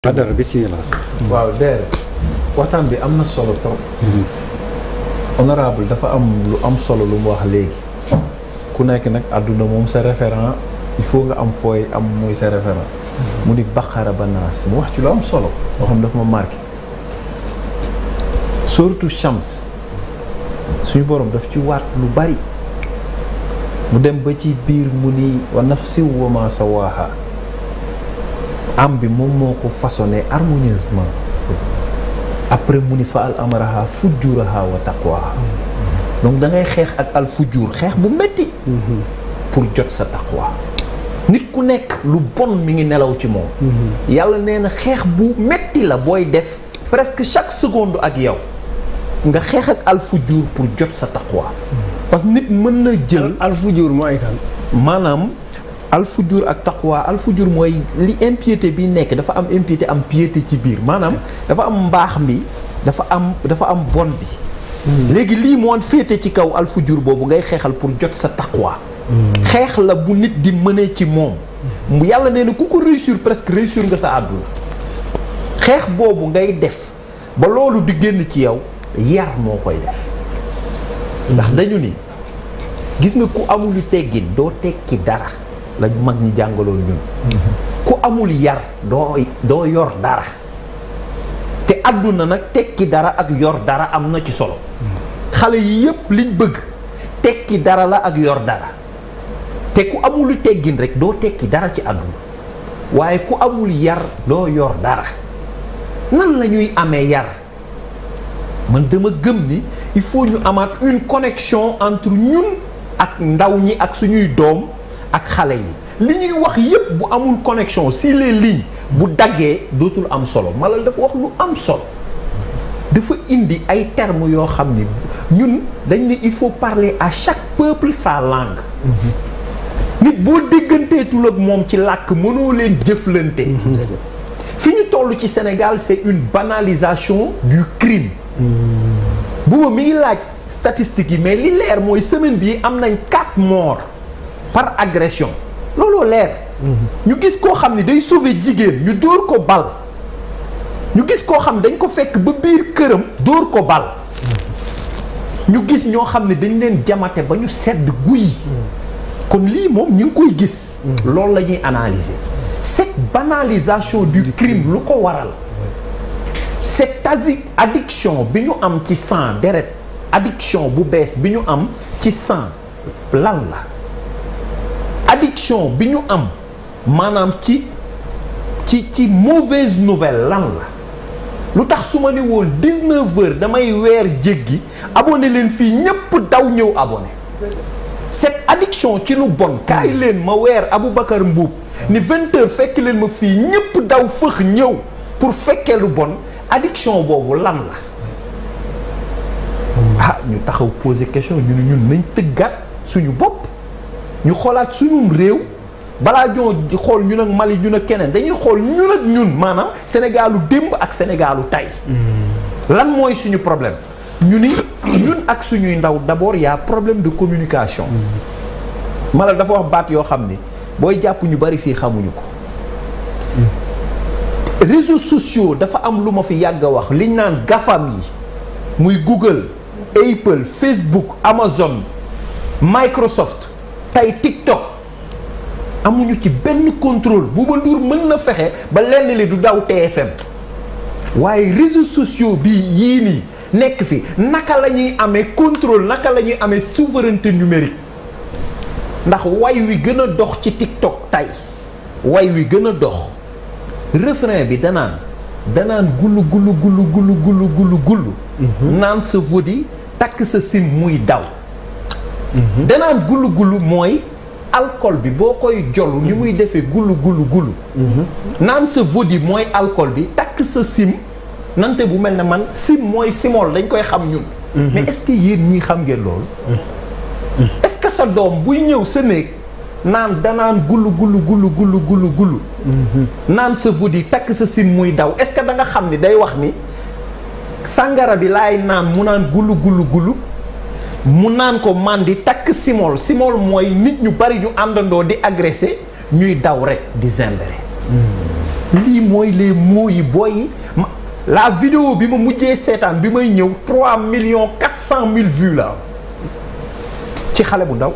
Badara bisimilah. waaw Dere waxtaan bi am na solo trop. Mhm. honorable dafa am lu am solo lu mu wax léegi ku nekk nag àdduna moom sa référent il faut nga am fooy am muy sa référent. Mhm. mu di Baqara ba Naas mu wax ci lu am solo. loo xam daf ma marqué. surtout Shams suñu boroom daf ci waat lu bari mu dem ba ci biir mu ni wa nafsi wa ma sawaaha am bi moom moo ko façonné harmonieusement après mu ni fa al amaraha fujuraha wa taqwaha donc da ngay xeex ak al fujur xeex bu metti pour jot sa taqwa nit ku nekk lu bon mi ngi nelaw ci moom yàlla nee na xeex bu metti la booy def presque chaque seconde ak yow nga xeex ak al fujur pour jot sa taqwa parce que nit mën na jël al fujur mooy kan maanaam alfujur ak taqwa alfujur mooy li impiété bi nekk dafa am impiété am piété ci biir maanaam dafa am mbaax mi dafa am dafa am bon bi hmm. léegi lii moo féete ci kaw alfujur boobu ngay xeexal pour jot sa taqwa hmm. xeex la bu nit di mënee ci moom hmm. yàlla nee na ku ko réussir presque réussir nga sa àdduna xeex boobu ngay def ba loolu di génn ci yow yar moo koy def ndax dañu ni gis nga ku amul teggin doo tekki dara lañ mag ñi jàngaloon ñun ku amul yar doo yor dara te àdduna nag tekki dara ak yor dara am na ci solo xale yi yépp liñ bëgg tekki dara la ak yor dara te ku amul teggin rek doo tekki dara ci àdduna waaye ku amul yar doo yor dara nan la amee yar man dama gëm ni il faut ñu amaat une connexion entre ñun ak ndaw ñi ak suñuy doom ak xale yi li ñuy wax yépp bu amul connexion si les lignes bu daggee dootul am solo Malal dafa wax lu am solo dafa indi ay termes yoo xam ni ñun dañ ne il faut parler à chaque peuple sa langue nit boo dégganteetul ak moom ci làkk mënoo leen jëflante fi ñu toll ci Sénégal c'est une banalisation du crime bu mi ngi laaj statistiques yi mais li leer mooy semaine bii am nañ quatre morts par agression looloo leer ñu gis koo xam ne day sauver jigéen ñu dóor ko bal ñu gis koo xam dañ ko fekk ba biir këram dóor ko bal ñu gis ñoo xam ne dañ leen jamate ba ñu sedd guy kon lii moom ñu ngi koy gis loolu la ñuy analyser cette banalisation du crime lu ko waral cette addiction bi ñu am ci sang deret addiction bu bees bi ñu am ci sang lan la addiction bi ñu am maanaam ci ci ci mauvaise nouvelle lan la lu tax su ma ne woon 19 damay weer jéggi abonné leen fii ñépp daw ñëw abone cette addiction ci lu bon kaay hmm. leen ma weer Aboubacar Mbuub ni 20 heures fekk leen ma fii ñépp daw fëx ñëw pour fekkee lu bon addiction boobu lan la hmm. ah ñu taxaw poser question ñu ne ñun nañ tëggaat suñu bopp ñu xoolaat suñum réew balaa joo ñoo xool ñun ak Mali ñun ak keneen dañuy xool ñun ak ñun maanaam Sénégalu démb ak Sénégalu tey. Hmm. lan mooy suñu problème ñu ni ñun ak suñuy ndaw d'abord y a problème de communication. Hmm. Malal dafa wax baat yoo xam ni booy jàpp ñu bari fii xamuñu ko. Hmm. réseaux sociaux dafa am lu ma fi yàgg a wax liñ naan gafam yi muy Google Apple Facebook Amazon Microsoft. tey TikTok amuñu ci benn contrôle Bouba Ndour mën na fexe ba lenn li du daw TFM waaye réseaux sociaux bi yii ni nekk fi naka la ñuy amee contrôle naka lañuy ñuy amee souveraineté numérique ndax way wi gën a dox ci TikTok tey way wi gën a dox refrain bi danaan danaan gulu gulu gulu gulu gulu gulu gulu mhm. naan sa vodi takk sa sim muy daw Mhm. dana am gulu gulu mooy alcool bi boo koy jolu ni muy defee gulu gulu gulu mhm. naan sa yi mooy alcool bi takk sa sim nante bu mel ne man sim mooy simol dañ koy xam ñun mhm. mais est-ce que yéen ñii xam ngeen loolu est-ce que sa doom buy ñëw sa néeg naan danaan gulu gulu gulu gulu gulu gulu naan sa yi takk sa sim muy daw est-ce que da nga xam ni day wax ni sàngara bi laay naan mu naan gulu gulu gulu mu naan ko màndi takk simol simol mooy nit ñu bari ñu àndandoo di agressé ñuy daw rekk di zembere hmm. lii mooy les mots yi booy la vidéo bi ma mujjee seetaan bi may ñëw trois millions quatre cent mille vues la ci xale bu ndaw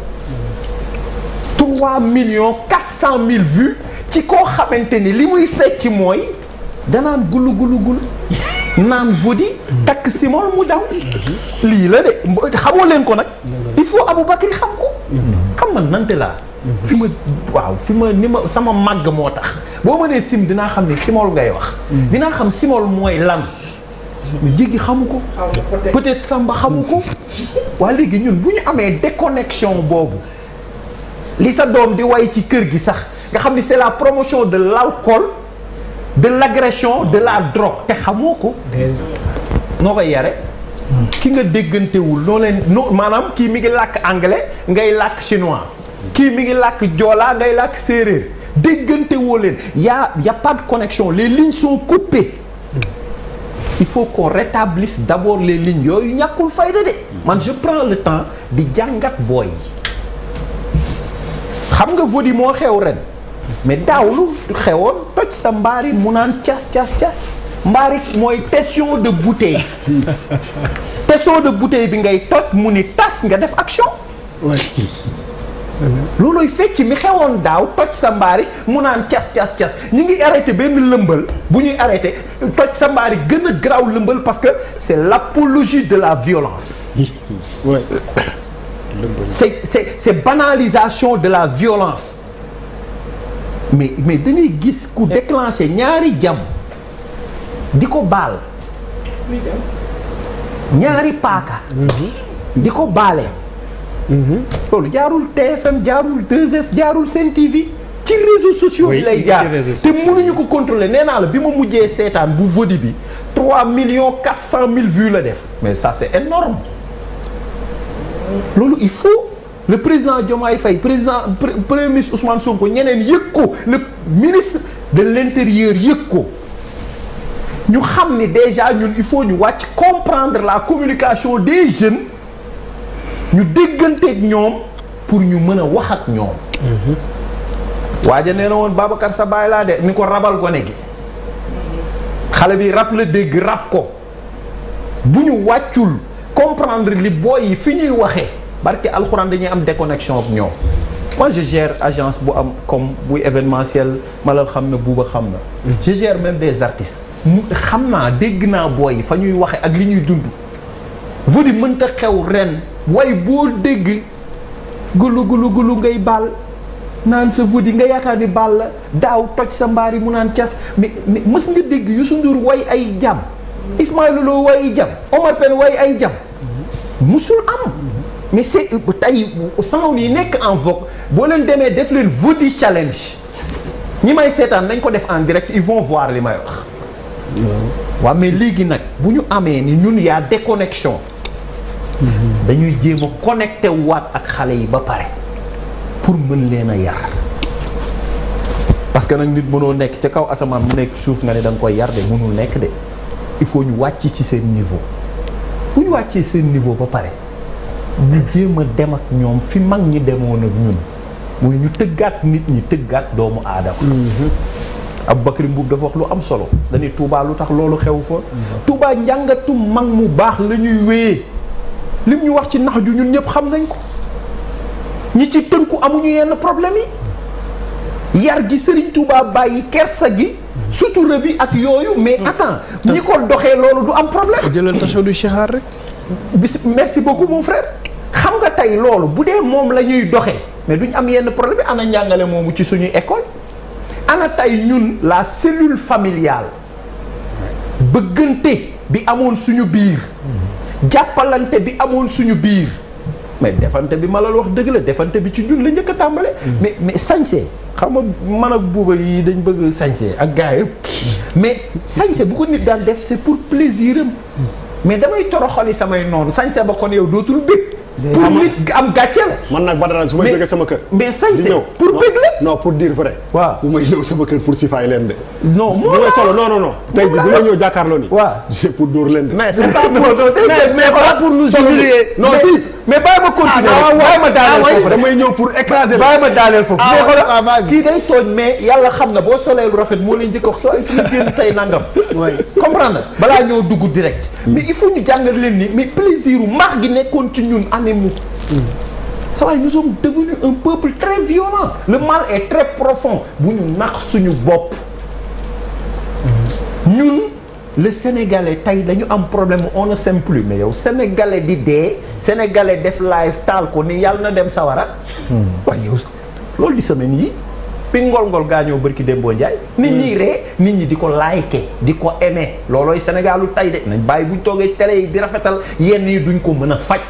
trois millions quatre cent mille vues ci koo xamante ni li muy fecc mooy danaan gulu gulu gulu naan vodi takk simol mu daw lii la de xamoo leen ko nag il faut Aboubacry xam ko xam man nante laa fi ma waaw fi ma ni ma sama màgg moo tax boo ma nee sim dinaa xam ne simol ngay wax dinaa xam simol mooy lan jigi xamu ko peut-être Samba xamu ko waa léegi ñun bu ñu amee déconnexion boobu li sa doom di way ci kër gi sax nga xam ni c'est la promotion de l'alcool de l'agression de la drogue te xamoo ko. noo koy yare hmm. ki nga déggantewul noo leen noo maanaam kii mi ngi làkk anglais ngay làkk chinois. kii mi ngi làkk joolaa ngay làkk séeréer déggante woo leen y a pas de connexion les lignes soo coupées hmm. il faut qu'on rétablisse d'abord les lignes yooyu ñàkkul fayda de man je prends le temps di jàngat booy xam nga vodi moo xew ren. mais daaw lu xewoon toj sa mbaari mu naan cas cas cas mbaari mooy tesson de bouteille tesson de bouteille bi ngay toj mu ni tas nga def action loolooy fecc mi xewoon daaw toj sa mbaari mu naan cas cas cas ñu ngi arrêté benn lëmbal bu ñuy arrêté toj sa mbaari gën a garaaw lëmbal parce que c'est l'apologie de la violence c'est c'est c'est banalisation de la violence mais mais da gis ku eh. déclenché ñaari jam di ko baal ñaari paaka mhm. di ko baale mhm. loolu jaarul TFM jaarul 2S jaarul Sen TV ci réseaux sociaux bi lay jaar te mënuñu ko contrôler nee naa la bi ma mujjee seetaan bu vodi bi trois millions quatre cent mille vues la def mais ça c'est énorme loolu il faut le président Diomaye Faye président premier ministre son ko ñeneen yëg ko le ministre de l'intérieur yëg ko ñu xam ni déjà ñun il faut ñu wàcc comprendre la communication des jeunes ñu dégganteek ñoom pour ñu mën a wax ak ñoom. Mm-hmm. waaja nee na woon Babacar sa baay laa de ni ko rabal gone gi xale bi rab la dégg rab ko bu ñu wàccul comprendre li booy yi fi ñuy waxee. barke alxuraan dañuy am déconnexion bu ñoom. moi je gère agence bu am comme buy événementiel malal xam na buuba xam na. je même des artistes. xam naa dégg naa booy fa ñuy waxe ak li ñuy dund. vodi mënta xew ren way boo dégg gulu gulu gulu ngay baal naan sa vodi nga yaakaar ni baal la daaw toj sa mbaar yi mu naan cas mais mais nga dégg Youssou Ndour way ay jam Ismaël Lô way ay jam Omar Pène way ay jam musul am. mais c'est tey sound yi nekk en vogue boo leen demee def leen Vody challenge ñi may seetaan nañ ko def en direct ils vont voir li may wax. waaw mais léegi nag bu ñu amee ni ñun yaa déconnexion. dañuy jéem a connecté waat ak xale yi ba pare pour mën leen a yar. parce que nag nit mënoo nekk ca kaw asamaan mu nekk suuf nga ne da nga koy yar de mënul nekk de il faut ñu wàcc ci seen niveau bu ñu wàccee seen niveau ba pare. ñu jéem dem ak ñoom fi mag ñi demoon ak ñun muy ñu tëggaat nit ñi tëggaat doomu aadama mhm. Aboubacry Mbuub dafa wax lu am solo dañuy tuubaa lu tax loolu xew fa mhm. Touba njàngatum mag mu baax la ñuy wéyee lim ñu wax ci nax ju ñun ñëpp xam nañ ko ñi ci tënku amuñu yenn problème yi yar gi Serigne Touba bàyyi kersa gi mhm. sutura bi ak yooyu mais attends ñi ko doxee loolu du am problème jëlal taso du Cheikh rek bis merci beaucoup mon frère xam nga tey loolu bu dee moom la ñuy doxee mais duñ am yenn problème yi ana njàngale moomu ci suñu école ana tey ñun la cellule familiale bëggante bi amoon suñu biir jàppalante bi amoon suñu biir mais defante bi ma la wax dëgg la defante bi ci ñun la njëkk a tàmbale mm. mais mais sañse xam nga man ak buuba yi dañ bëgg sañse ak gars yëpp mm. mais sañse bu ko nit daan def c'est pour plaisir am mais damay toroxali samay noonu sañse ba kon yow dootul bëgg. pour nit am gàcce la. man nag Badara su may jógee sama kër. mais sañse pour bëgg la. non pour dire vrai. bu may ñëw sama kër pour sifaay leen de. non moo la solo non non non. tey bi bu may ñëw jàkkaarloo nii. waaw c'est pour dóor leen de. mais c'est pas pour mais mais pour nous humilier. si. mais bàyyi ma continuer ah, bàyyi ma daaneel foofu damay ñëw pour écraser bàyyi ma daaneel foofu mais ah, kii day tooñ mais yàlla xam na boo solee lu rafet moo lay njëkk wax soo fi ñu génn tey nangam comprendre balaa ñoo dugg direct mais il faut ñu jàngal leen ni mais plaisir u mbaax gi nekkoon ci ñun anemu hmm. ça va nous sommes devenus un peuple très violent le mal est très profond bu ñu nax suñu bopp hmm. ñun le sénégalais tey dañu am problème on ne s'aime plus yow sénégalais di dee sénégalais def live taal ko ni yàlla na dem sawara hmm. waaye loolu di semaine yi bi ngol-ngol gaañoo bërki Dembo Ndiaye. nit ñi hmm. ree nit ñi di ko like di ko aimer loolooy sénégalu tey de nañ bàyyi buñ toogee télé yi di rafetal yenn yi duñ ko mën a faj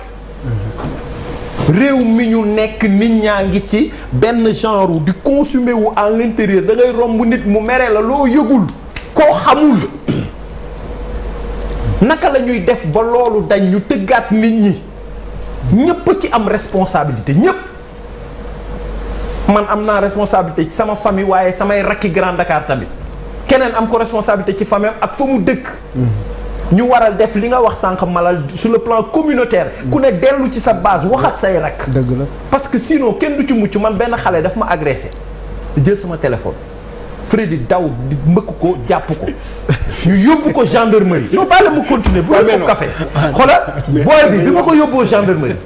hmm. réew mi ñu nekk nit ñaa ngi ci benn genre di consommer wu à l'intérieur da ngay romb nit mu mere la loo yëgul koo xamul naka la ñuy def ba loolu dañ ñu tëggaat nit ñi ñépp ci am responsabilité ñépp man am naa responsabilité ci sama famille waaye samay rakki Grand Dakar tamit keneen am ko responsabilité ci famille ak fa mu dëkk mm-hmm. ñu waral def li nga wax sànq malal sur le plan communautaire mm-hmm. ku ne dellu ci sa base wax ak say rakk dëgg la parce que sinon kenn du ci mucc man benn xale daf ma agressé jël sama téléphone Freddy daw di mbëkk ko jàpp ko ñu yóbbu ko gendarmerie non bàyyi la mu continuer bu ma ko café xoolal booy bi bi ma ko yóbboo gendarmerie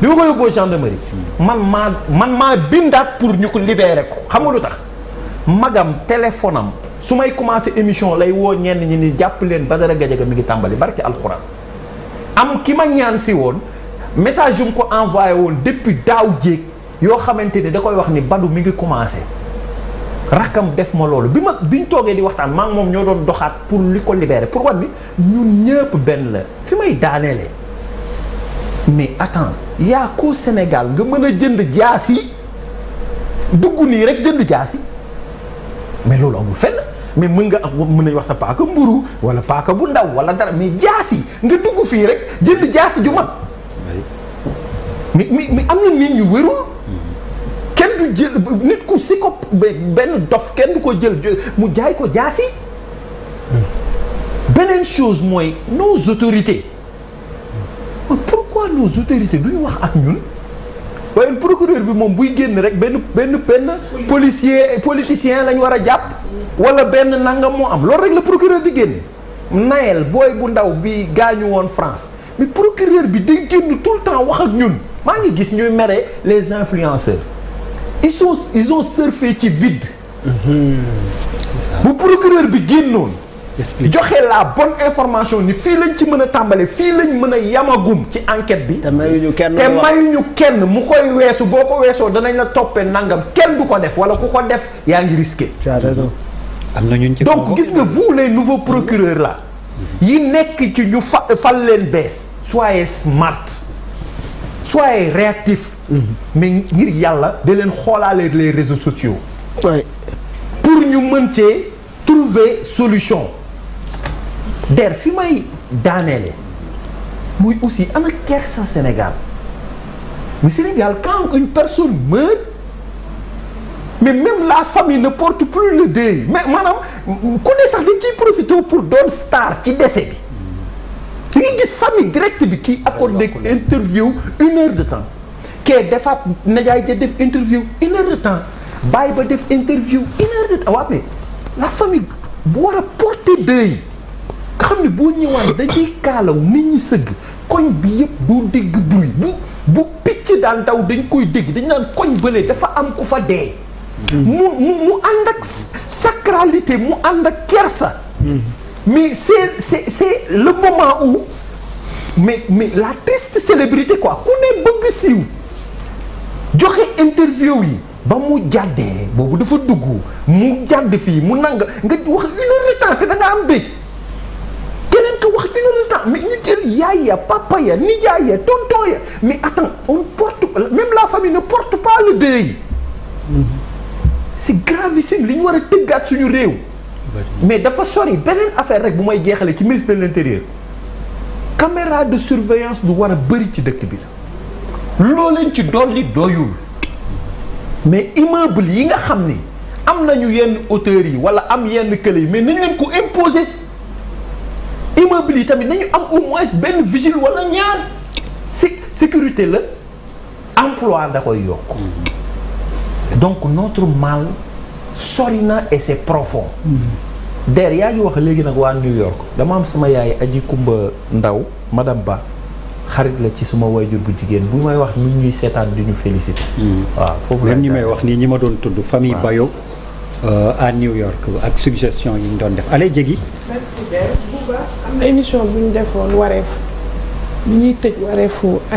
bi ma ko yóbboo gendarmerie man maa man maa bindaat pour ñu ko libérer ko xam nga lu tax magam téléphone am su may commencé émission lay woo ñenn ñi ni jàpp leen ba Badara Gadiaga mi ngi tàmbali barki alxuraan am ki ma ñaan si woon message yu ko envoyé woon depuis daaw jéeg yoo xamante ni da koy wax ni Badou mi ngi commencé rakkam def ma loolu bi ma bi ñu toogee di waxtaan maa moom ñoo doon doxaat pour li ko libérer pour wan ni ñun ñëpp benn la fi may daaneele mais attends yaa ko Sénégal nga mën a jënd jaasi dugg nii rek jënd jaasi mais loolu amul fenn mais mun nga am mën nañ wax sa paaka mburu wala paaka bu ndaw wala dara mais jaasi nga dugg fii rek jënd jaasi ju mag mais mais am na nit ñu wérul kenn du jël nit ko si ko benn dof kenn du ko jël mu jaay ko jaasi beneen chose mooy nos autorités pourquoi nos autorités ñu wax ak ñun waaye procureur bi moom buy génn rek benn benn benn policier politicien lañ war a jàpp wala benn nangam moo am loolu rek la procureur di génn Nayel booy bu ndaw bi gaañu woon France mais procureur bi day génn tout le temps wax ak ñun maa ngi gis ñuy mere les influenceurs ils sont ils ont surfé ci vide. bu procureur bi génnoon. joxe la bonne information ni fii lañ ci mën a tàmbale fii lañ mën a yamagum ci enquête bi. te mayuñu kenn mayuñu kenn mu koy weesu boo ko weesoo danañ la toppee nangam kenn du ko def wala ku ko def yaa ngi risqué. tu am na ñu ci donc gis nga vous les nouveaux procureurs la yi nekk ci ñu fa fal leen bees soyez smart. soyez réactifs. mais ngir yàlla da leen xoolaale les réseaux sociaux. oui pour ñu mën cee trouver solution. der fi may daaneele muy aussi ana kersa Sénégal mais Sénégal quand une personne meurt mais même la famille ne porte plus le deuil mais maanaam ku ne sax dañ ciy profité pour doon star ci décès bi. bi gis famille directe bi kii accordé interview une heure de temps kee defaat najaay ja def interview une heure de temps bàyyi ba def interview une heure de temps waaw mais la famille bu war a porter deuil nga xam ne boo ñëwaan dañuy kaalaw nit ñi sëgg koñ bi yëpp doo dégg bruit bu bu picc daan daw dañ koy dégg dañ naan koñ bële dafa am ku fa dee hmm. mu mu mu ànd ak sacralité mu ànd ak kersa hmm. mais c'est c'est c'est le moment où mais mais la triste célébrité quoi ku ne bëgg siiw joxe interview yi ba mu jàddee boobu dafa dugg mu jàdd fii mu nanga nga wax une heure de te da am béy keneen ko wax une heure de mais ñu jël yaay ya papa ya nijaay ya tonton ya mais attends on porte même la famille ne porte le deuil. Mm-hmm. c'est gravissime li ñu war a tëggaat suñu réew. mais dafa sori beneen affaire rek bu may jeexalee ci ministre de l'intérieur caméra de surveillance du war a bëri ci dëkk bi la loo leen ci dolli doyul mais immeuble yi nga xam ni am nañu yenn hauteur yi wala am yenn kële yi mais nañ leen ko imposer immeuble yi tamit nañu am au moins benn vigile walla ñaar sé sécurité la emploi da koy yokk mm-hmm. donc notre mal sori na et c'est profond. der yaa ngi wax léegi nag waa New York dama am sama yaay aji kumba ndaw madame Ba xarit la ci suma waajur bu jigéen bu may wax nit ñuy seetaan di ñu félicité. Hmm. waaw foofu la ñi may wax nii ñi ma doon tudd famille Bayo. Euh, à New York ak suggestion yi doon def allez jéggi. merci am na émission bu defoon wareef bi ñuy tëj wareefu